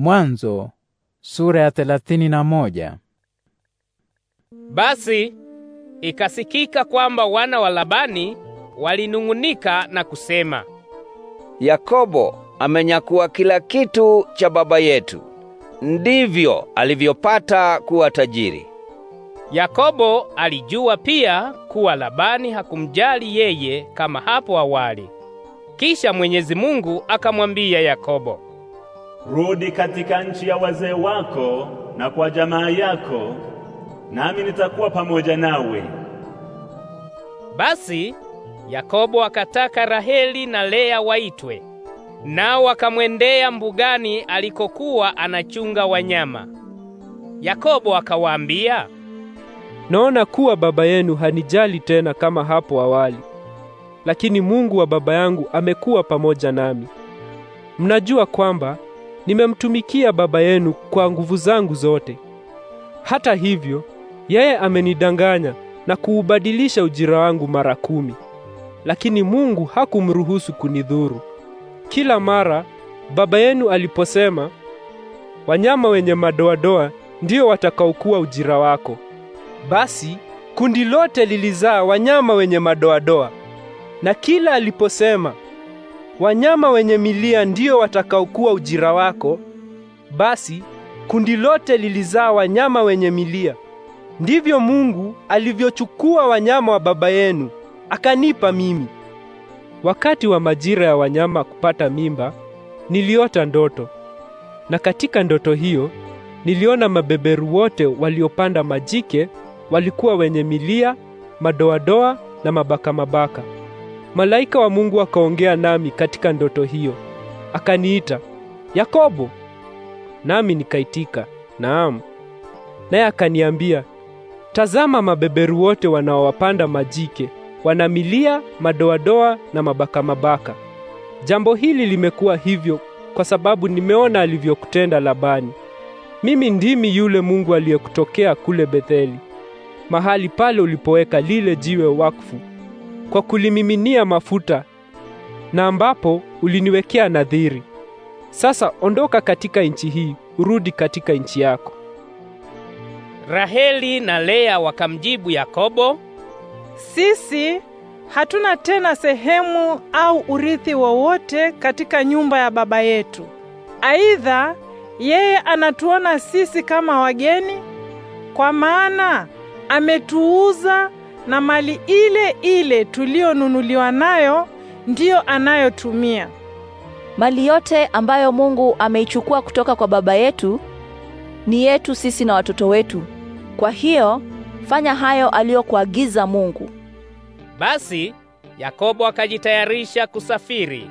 Mwanzo sura ya thelathini na moja. Basi ikasikika kwamba wana wa Labani walinung'unika na kusema, Yakobo amenyakuwa kila kitu cha baba yetu, ndivyo alivyopata kuwa tajiri. Yakobo alijua pia kuwa Labani hakumjali yeye kama hapo awali. Kisha Mwenyezi Mungu akamwambia Yakobo, rudi katika nchi ya wazee wako na kwa jamaa yako, nami nitakuwa pamoja nawe. Basi Yakobo akataka Raheli na Lea waitwe, nao akamwendea mbugani alikokuwa anachunga wanyama. Yakobo akawaambia, naona kuwa baba yenu hanijali tena kama hapo awali, lakini Mungu wa baba yangu amekuwa pamoja nami. Mnajua kwamba nimemtumikia baba yenu kwa nguvu zangu zote. Hata hivyo, yeye amenidanganya na kuubadilisha ujira wangu mara kumi. Lakini Mungu hakumruhusu kunidhuru. Kila mara baba yenu aliposema, wanyama wenye madoadoa ndio watakaokuwa ujira wako, basi kundi lote lilizaa wanyama wenye madoadoa. Na kila aliposema Wanyama wenye milia ndio watakaokuwa ujira wako. Basi kundi lote lilizaa wanyama wenye milia. Ndivyo Mungu alivyochukua wanyama wa baba yenu akanipa mimi. Wakati wa majira ya wanyama kupata mimba, niliota ndoto, na katika ndoto hiyo niliona mabeberu wote waliopanda majike walikuwa wenye milia, madoadoa na mabaka mabaka malaika wa Mungu akaongea nami katika ndoto hiyo, akaniita Yakobo, nami nikaitika naam. Naye akaniambia, tazama, mabeberu wote wanaowapanda majike wanamilia madoadoa na mabaka mabaka. Jambo hili limekuwa hivyo kwa sababu nimeona alivyokutenda Labani. Mimi ndimi yule Mungu aliyekutokea kule Betheli, mahali pale ulipoweka lile jiwe wakfu kwa kulimiminia mafuta na ambapo uliniwekea nadhiri. Sasa ondoka katika nchi hii, urudi katika nchi yako. Raheli na Lea wakamjibu Yakobo, sisi hatuna tena sehemu au urithi wowote katika nyumba ya baba yetu. Aidha, yeye anatuona sisi kama wageni, kwa maana ametuuza na mali ile ile tuliyonunuliwa nayo ndiyo anayotumia. Mali yote ambayo Mungu ameichukua kutoka kwa baba yetu ni yetu sisi na watoto wetu. Kwa hiyo fanya hayo aliyokuagiza Mungu. Basi Yakobo akajitayarisha kusafiri,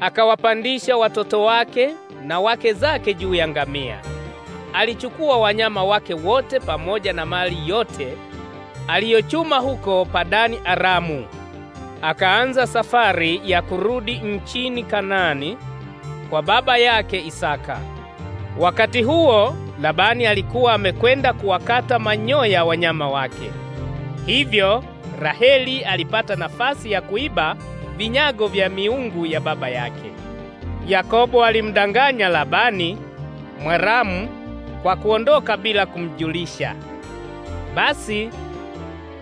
akawapandisha watoto wake na wake zake juu ya ngamia. Alichukua wanyama wake wote pamoja na mali yote aliyochuma huko Padani Aramu. Akaanza safari ya kurudi nchini kanani kwa baba yake Isaka. Wakati huo Labani alikuwa amekwenda kuwakata manyoya wanyama wake. Hivyo Raheli alipata nafasi ya kuiba vinyago vya miungu ya baba yake. Yakobo alimdanganya Labani Mwaramu kwa kuondoka bila kumjulisha. Basi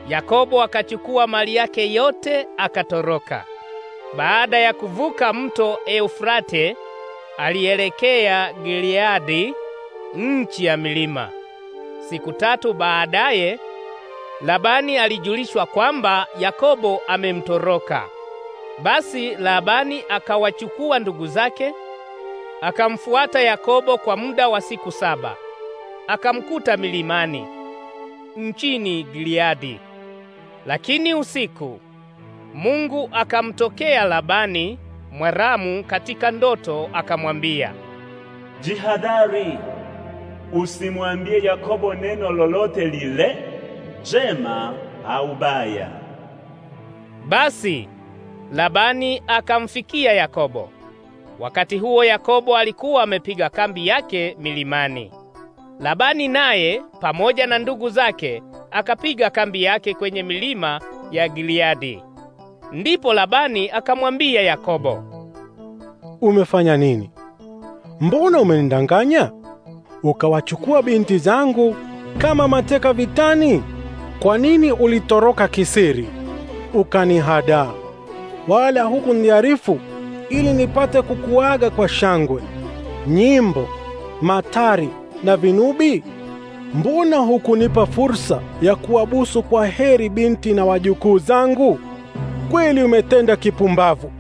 Yakobo akachukua mali yake yote akatoroka. Baada ya kuvuka mto Eufrate, alielekea Gileadi, nchi ya milima. Siku tatu baadaye, Labani alijulishwa kwamba Yakobo amemtoroka. Basi Labani akawachukua ndugu zake, akamfuata Yakobo kwa muda wa siku saba. Akamkuta milimani nchini Gileadi. Lakini usiku Mungu akamtokea Labani Mwaramu katika ndoto, akamwambia, jihadari usimwambie Yakobo neno lolote lile, jema au baya. Basi Labani akamfikia Yakobo. Wakati huo Yakobo alikuwa amepiga kambi yake milimani. Labani naye pamoja na ndugu zake akapiga kambi yake kwenye milima ya Giliadi. Ndipo Labani akamwambia Yakobo, umefanya nini? Mbona umenidanganya ukawachukua binti zangu kama mateka vitani? Kwa nini ulitoroka kisiri ukanihadaa, wala hukuniarifu, ili nipate kukuaga kwa shangwe, nyimbo, matari na vinubi? mbona hukunipa fursa ya kuabusu kwa heri binti na wajukuu zangu? Kweli umetenda kipumbavu,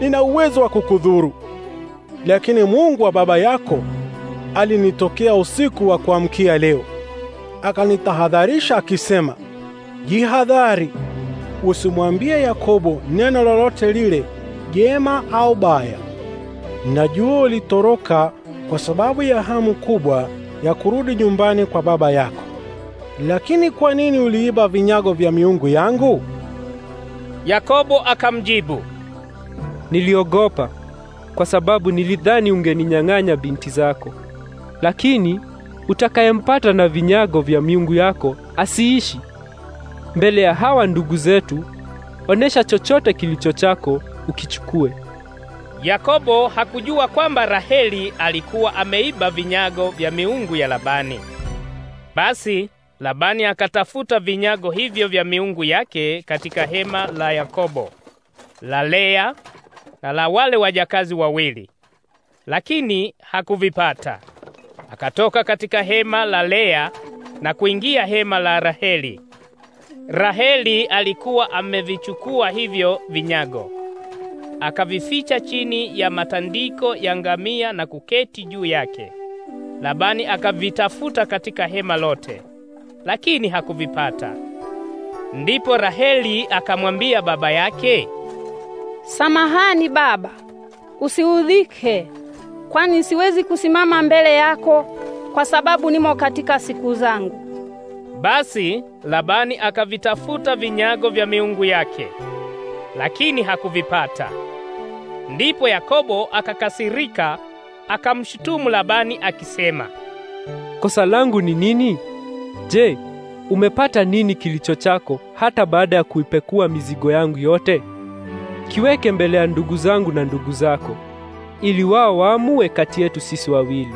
nina uwezo wa kukudhuru. Lakini Mungu wa baba yako alinitokea usiku wa kuamkia leo, akanitahadharisha akisema, jihadhari, usimwambie Yakobo neno lolote lile, jema au baya. Najua ulitoroka kwa sababu ya hamu kubwa ya kurudi nyumbani kwa baba yako. Lakini kwa nini uliiba vinyago vya miungu yangu? Yakobo akamjibu, niliogopa kwa sababu nilidhani ungeninyang'anya binti zako. Lakini utakayempata na vinyago vya miungu yako asiishi. Mbele ya hawa ndugu zetu, onesha chochote kilicho chako ukichukue. Yakobo hakujua kwamba Raheli alikuwa ameiba vinyago vya miungu ya Labani. Basi Labani akatafuta vinyago hivyo vya miungu yake katika hema la Yakobo, la Lea na la wale wajakazi wawili, lakini hakuvipata. Akatoka katika hema la Lea na kuingia hema la Raheli. Raheli alikuwa amevichukua hivyo vinyago akavificha chini ya matandiko ya ngamia na kuketi juu yake. Labani akavitafuta katika hema lote, lakini hakuvipata. Ndipo Raheli akamwambia baba yake, samahani baba, usiudhike, kwani siwezi kusimama mbele yako kwa sababu nimo katika siku zangu. Basi Labani akavitafuta vinyago vya miungu yake lakini hakuvipata. Ndipo Yakobo akakasirika, akamshutumu Labani akisema, kosa langu ni nini? Je, umepata nini kilicho chako hata baada ya kuipekua mizigo yangu yote? Kiweke mbele ya ndugu zangu na ndugu zako, ili wao waamue kati yetu sisi wawili.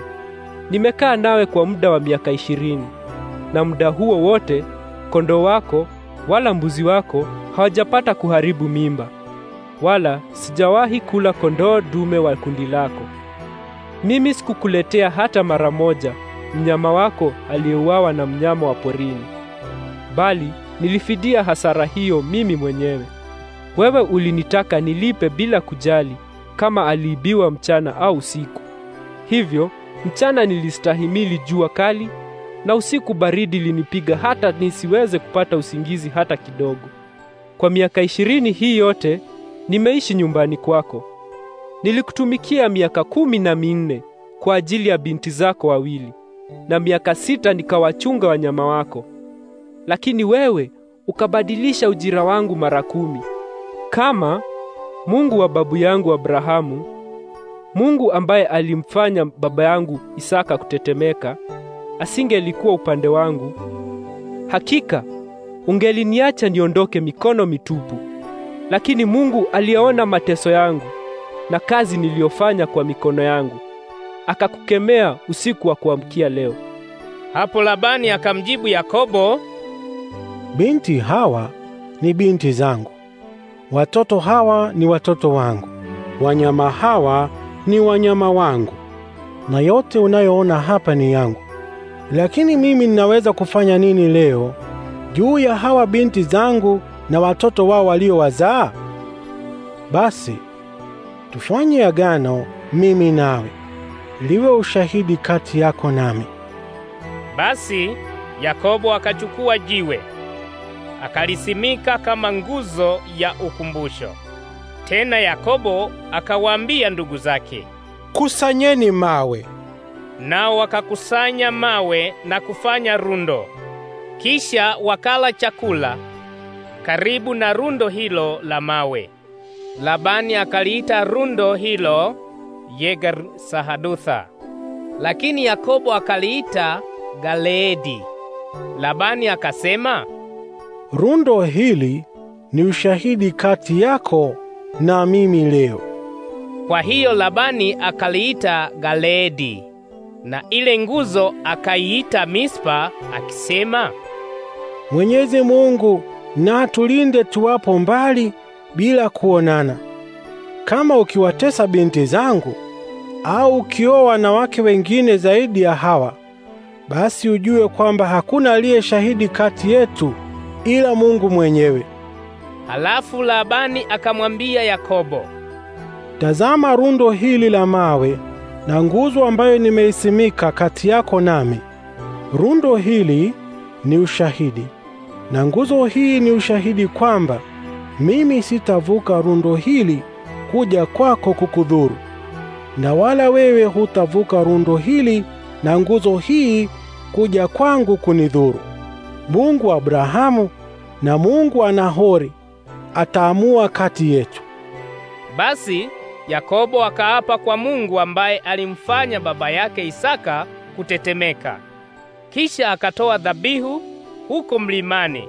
Nimekaa nawe kwa muda wa miaka ishirini, na muda huo wote kondoo wako wala mbuzi wako hawajapata kuharibu mimba, wala sijawahi kula kondoo dume wa kundi lako. Mimi sikukuletea hata mara moja mnyama wako aliyeuawa na mnyama wa porini, bali nilifidia hasara hiyo mimi mwenyewe. Wewe ulinitaka nilipe bila kujali kama aliibiwa mchana au usiku. Hivyo mchana nilistahimili jua kali na usiku baridi linipiga hata nisiweze kupata usingizi hata kidogo. Kwa miaka ishirini hii yote nimeishi nyumbani kwako. Nilikutumikia miaka kumi na minne kwa ajili ya binti zako wawili na miaka sita nikawachunga wanyama wako, lakini wewe ukabadilisha ujira wangu mara kumi. Kama Mungu wa babu yangu Abrahamu, Mungu ambaye alimfanya baba yangu Isaka kutetemeka asingelikuwa upande wangu, hakika ungeliniacha niondoke mikono mitupu. Lakini Mungu aliona mateso yangu na kazi niliyofanya kwa mikono yangu, akakukemea usiku wa kuamkia leo. Hapo Labani akamjibu Yakobo, binti hawa ni binti zangu, watoto hawa ni watoto wangu, wanyama hawa ni wanyama wangu, na yote unayoona hapa ni yangu. Lakini mimi ninaweza kufanya nini leo juu ya hawa binti zangu na watoto wao waliowazaa? Basi tufanye agano mimi nawe, liwe ushahidi kati yako nami. Basi Yakobo akachukua jiwe akalisimika kama nguzo ya ukumbusho. Tena Yakobo akawaambia ndugu zake, kusanyeni mawe Nao wakakusanya mawe na kufanya rundo, kisha wakala chakula karibu na rundo hilo la mawe. Labani akaliita rundo hilo Yegar Sahadutha, lakini Yakobo akaliita Galeedi. Labani akasema, rundo hili ni ushahidi kati yako na mimi leo. Kwa hiyo Labani akaliita Galeedi na ile nguzo akaiita Mispa akisema, Mwenyezi Mungu na tulinde tuwapo mbali bila kuonana. Kama ukiwatesa binti zangu au ukioa wanawake wengine zaidi ya hawa, basi ujue kwamba hakuna aliye shahidi kati yetu ila Mungu mwenyewe. Halafu Labani akamwambia Yakobo, tazama rundo hili la mawe na nguzo ambayo nimeisimika kati yako nami. Rundo hili ni ushahidi, na nguzo hii ni ushahidi kwamba mimi sitavuka rundo hili kuja kwako kukudhuru, na wala wewe hutavuka rundo hili na nguzo hii kuja kwangu kunidhuru. Mungu wa Abrahamu na Mungu wa Nahori ataamua kati yetu. Basi Yakobo akaapa kwa Mungu ambaye alimfanya baba yake Isaka kutetemeka. Kisha akatoa dhabihu huko mlimani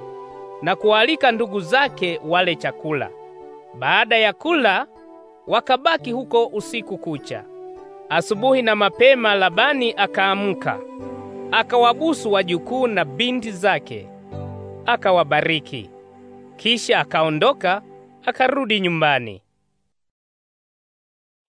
na kualika ndugu zake wale chakula. Baada ya kula, wakabaki huko usiku kucha. Asubuhi na mapema, Labani akaamka, akawabusu wajukuu na binti zake, akawabariki. Kisha akaondoka akarudi nyumbani.